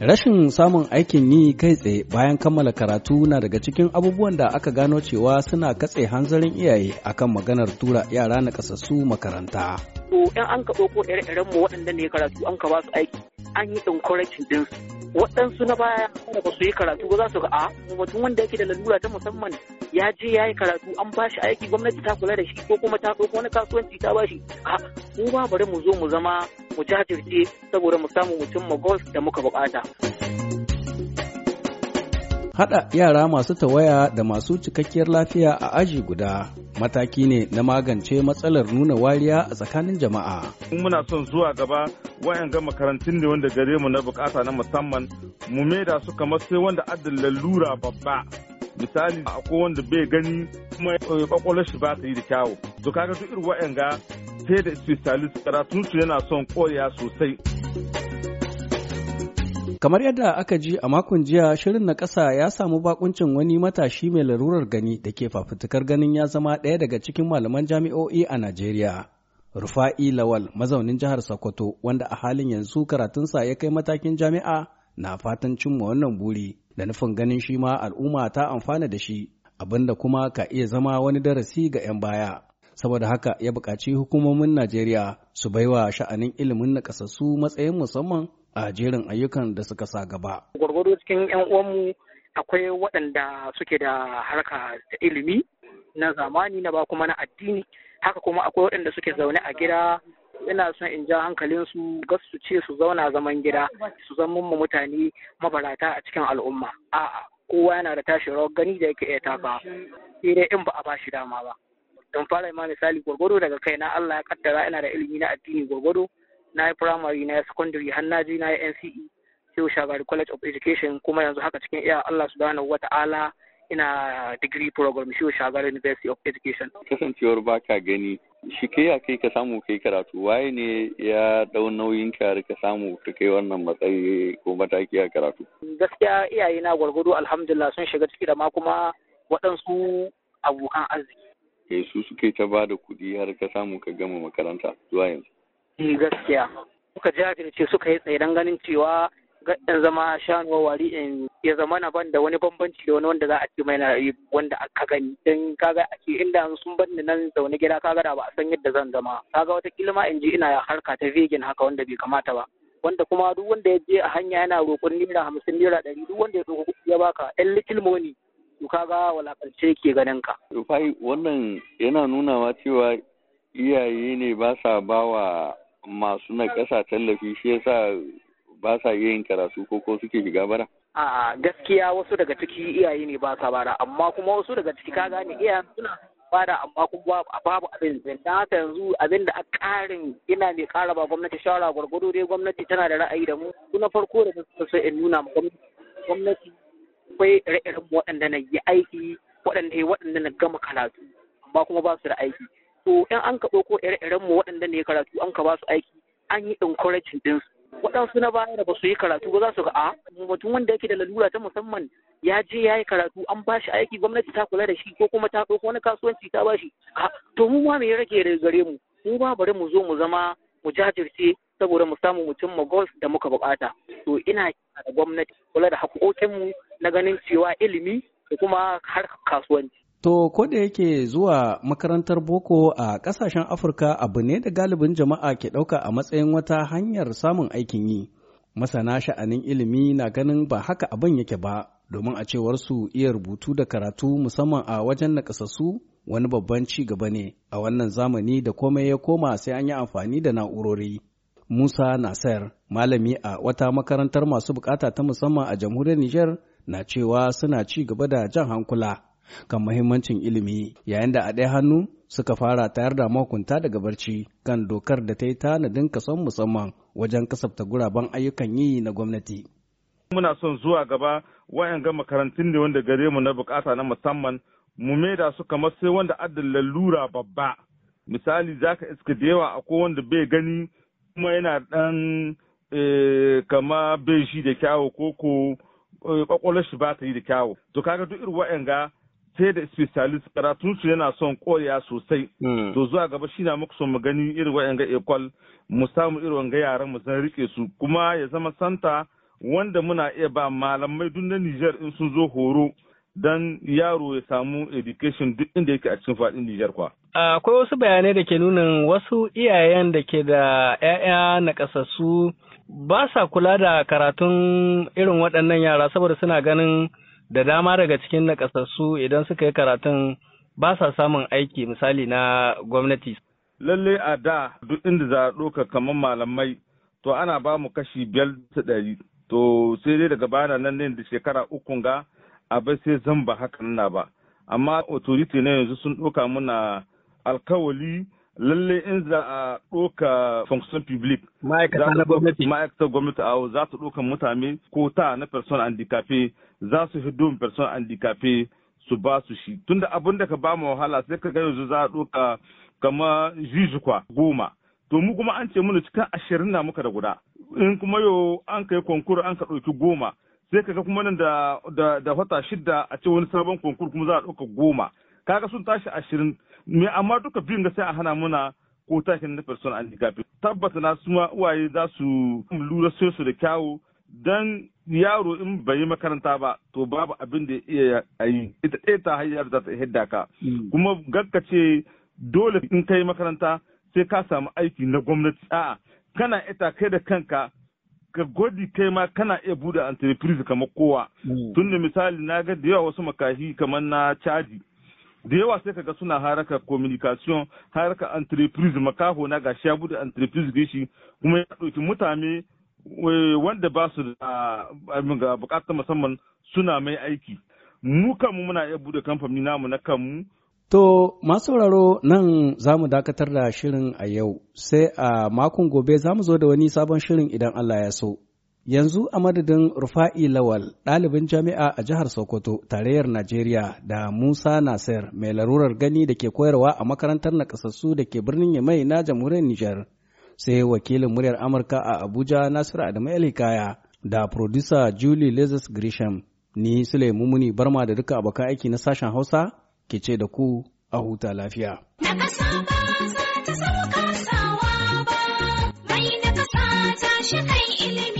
Rashin samun aikin yi kai tsaye bayan kammala karatu na daga cikin abubuwan da aka gano cewa suna katse hanzarin iyaye akan maganar tura yara na kasassu makaranta. Ko ‘yan an ka ɗauko ire mu waɗanda ne karatu an ka ba su aiki an yi encouraging ɗin waɗansu na baya kuma ba su yi karatu ba za su ga a mutum wanda yake da lalura ta musamman ya je ya yi karatu an ba shi aiki gwamnati ta kula da shi ko kuma ta ɗauko wani kasuwanci ta ba shi a mu ba bari mu zo mu zama mu jajirce saboda mu samu mutum goals da muka bukata. Haɗa yara masu tawaya da masu cikakkiyar lafiya a aji guda mataki ne na magance matsalar nuna wariya a tsakanin jama'a. muna son zuwa gaba wayan ga makarantun ne wanda gare mu na bukata na musamman mu maida su kamar sai wanda adin lalura babba misali akwai wanda bai gani kuma ya eh, kwakwalar shi ba ta yi da kyawu to ga duk irin wayan sai da specialist karatunsu yana son koya sosai. Kamar yadda aka ji a makon jiya shirin na ƙasa ya samu bakuncin wani matashi mai larurar gani da ke fafutukar ganin ya zama ɗaya daga cikin malaman jami'o'i a Najeriya. Rufa'i Lawal mazaunin jihar Sokoto wanda a halin yanzu karatunsa ya kai matakin jami'a na fatan cimma wannan buri da nufin ganin shi ma al'umma ta amfana da shi abinda kuma ka iya zama wani darasi ga 'yan baya. saboda haka ya buƙaci hukumomin Najeriya su baiwa sha'anin ilimin nakasassu matsayin musamman a jerin ayyukan da suka sa gaba. Gwargwado cikin 'yan uwanmu akwai waɗanda suke da harka da ilimi na zamani na ba kuma na addini haka kuma akwai waɗanda suke zaune a gida ina son in ja hankalin su gas su ce su zauna zaman gida su zama mutane mabarata a cikin al'umma a'a kowa yana da tashi rawar gani da yake iya taka sai dai in ba a bashi dama ba don fara ma misali gwargwado daga kai na Allah ya kaddara ina da ilimi na addini gwargwado na yi primary na yi secondary har na na yi NCE sai Shagari College of Education kuma yanzu haka cikin iya Allah wata ala ina degree program shi Shagari University of Education kasancewar baka gani shi kai ya kai ka samu kai karatu waye ne ya dau nauyin ka ka samu ka kai wannan matsayi ko mataki a karatu gaskiya iyaye na gwargwado alhamdulillah sun shiga ciki da ma kuma waɗansu abokan arziki ya eh, su suke ta ba da kuɗi har ka samu ka gama makaranta zuwa yanzu. Hmm, gaskiya suka jajirce suka yi tseren ganin cewa gaɗin zama shanuwa wari in ya zama na ban da wani bambanci da wani wanda za a ce mai na wanda aka gani don kaga a ce inda sun ban ni nan zaune gida kaga da ba a san yadda zan zama kaga wata kilma in ji ina harka ta vegan haka wanda bai kamata ba wanda kuma duk wanda ya je a hanya yana roƙon naira hamsin naira ɗari duk wanda ya ɗauko ya baka ɗan little money to kaga walakance ke ganin ka. Rufai wannan yana nuna wa cewa iyaye ne ba sa ba wa masu na ƙasa tallafi shi yasa ba sa yin karatu ko ko suke shiga bara. A'a gaskiya wasu daga ciki iyaye ne ba sa bara amma kuma wasu daga ciki ka gane iyayen suna bada amma kuma babu abin da haka yanzu abin da a ƙarin ina mai ƙara ba gwamnati shawara gwargwado dai gwamnati tana da ra'ayi da mu na farko da ta so in nuna ma gwamnati akwai ire waɗanda na yi aiki waɗanda waɗanda na gama karatu amma kuma ba su da aiki to in an ka ɗauko ire-iren mu waɗanda ne karatu an ka ba su aiki an yi encouraging din su waɗansu na baya da ba su yi karatu ba za su ga a mutum wanda yake da lalura ta musamman ya je ya yi karatu an ba shi aiki gwamnati ta kula da shi ko kuma ta ɗauko wani kasuwanci ta ba shi to mu ma me ya rage gare mu mu ba bari mu zo mu zama mu jajirce saboda mu samu mu cimma da muka bukata to ina da gwamnati kula da haƙoƙin mu na ganin cewa ilimi da kuma har kasuwanci. To, ko da yake zuwa makarantar boko a kasashen Afirka abu ne da galibin jama'a ke ɗauka a matsayin wata hanyar samun aikin yi. Masana sha'anin ilimi na ganin ba haka abin yake ba, domin a cewar su iya rubutu da karatu musamman a wajen nakasassu wani babban ci gaba ne a wannan zamani da komai ya koma sai an yi amfani da na'urori. Musa sayar malami a wata makarantar masu bukata ta musamman a jamhuriyar Nijar, na cewa suna ci gaba da jan hankula kan mahimmancin ilimi yayin da a ɗaya hannu suka fara tayar da mahukunta daga barci kan dokar da ta yi tanadin kason musamman wajen kasafta guraben ayyukan yi na gwamnati. Muna son zuwa gaba wayan ga makarantun ne wanda gare mu na bukata na musamman mu maida su kamar sai wanda adin lalura babba. Misali zaka iska da yawa akwai wanda bai gani kuma yana dan eh, kama bai shi da kyawu koko Eh, kwakwalwar shi ba ta yi da kyawu to kaga duk irin ga sai da specialist karatun su yana son koya sosai hmm. to zuwa gaba shi na muku son mu gani irin ga ekwal mu samu irin wanga yaran mu san rike su kuma ya zama santa wanda muna iya ba malamai duk na Nijar in sun zo horo dan yaro ya samu education duk inda yake a cikin faɗin Nijar kwa. Akwai wasu bayanai da ke nuna wasu iyayen da ke da 'ya'ya na ƙasasu. ba sa kula da karatun irin waɗannan yara saboda suna ganin da dama daga cikin nakasassu idan suka yi karatun ba sa samun aiki misali na gwamnati. Lalle a da duk inda za a ɗauka kamar malamai to ana ba mu kashi biyar su ɗari to sai dai daga bana nan ne da shekara uku ga abai sai zan ba haka na ba amma authority na yanzu sun ɗauka muna alkawali lalle in za a ɗoka function public ma'aikata na gwamnati ma'aikatar gwamnati a za su ɗoka mutane ko ta na person handicapé za su hido person handicapé su ba su shi tunda abin da ka ba mu wahala sai ka gani za a ɗoka kama jijikwa goma to mu kuma an ce mana cikin ashirin na muka da guda in kuma yau an kai konkur an ka ɗauki goma sai ka ga kuma nan da da wata shidda a ce wani sabon konkur kuma za a ɗauka goma kaga sun tashi ashirin me amma duka biyun da sai a hana muna ko takin na person handicap tabbata na suma uwaye za su lura sai su da kyawu dan yaro in bai yi makaranta ba to babu abin da iya yi ita ɗaya ta hanyar za ta hidda ka hmm. kuma gaggace dole in kai makaranta sai ka samu aiki na gwamnati a'a kana ita kai da kanka ka gwaji kai ma kana iya bude entreprise kamar kowa hmm. tun da misali na ga da yawa wasu makahi kamar na caji da yawa sai kaga suna haraka communication haraka entreprise makaho na shi ya bude entreprise gashi kuma ya ɗauki mutane eh, wanda ba su da eh, bukatar musamman suna mai aiki mu kanmu muna iya bude kamfani namu na kanmu To, masu sauraro nan za mu dakatar da shirin a yau, sai a makon gobe za mu zo da wani sabon shirin idan Allah ya so. Yanzu a madadin Rufa'i Lawal, ɗalibin jami'a a jihar Sokoto, tarayyar Najeriya da Musa Nasir, mai larurar gani da ke koyarwa a makarantar nakasassu da ke birnin Yamai na jamhuriyar Nijar, sai wakilin muryar Amurka a Abuja Nasiru Adamu Elikaya da producer Julie Lizis Grisham. Ni Sule Mumuni Barma da duka abokan aiki na sashen Hausa ke ce da ku a huta lafiya. ilimi.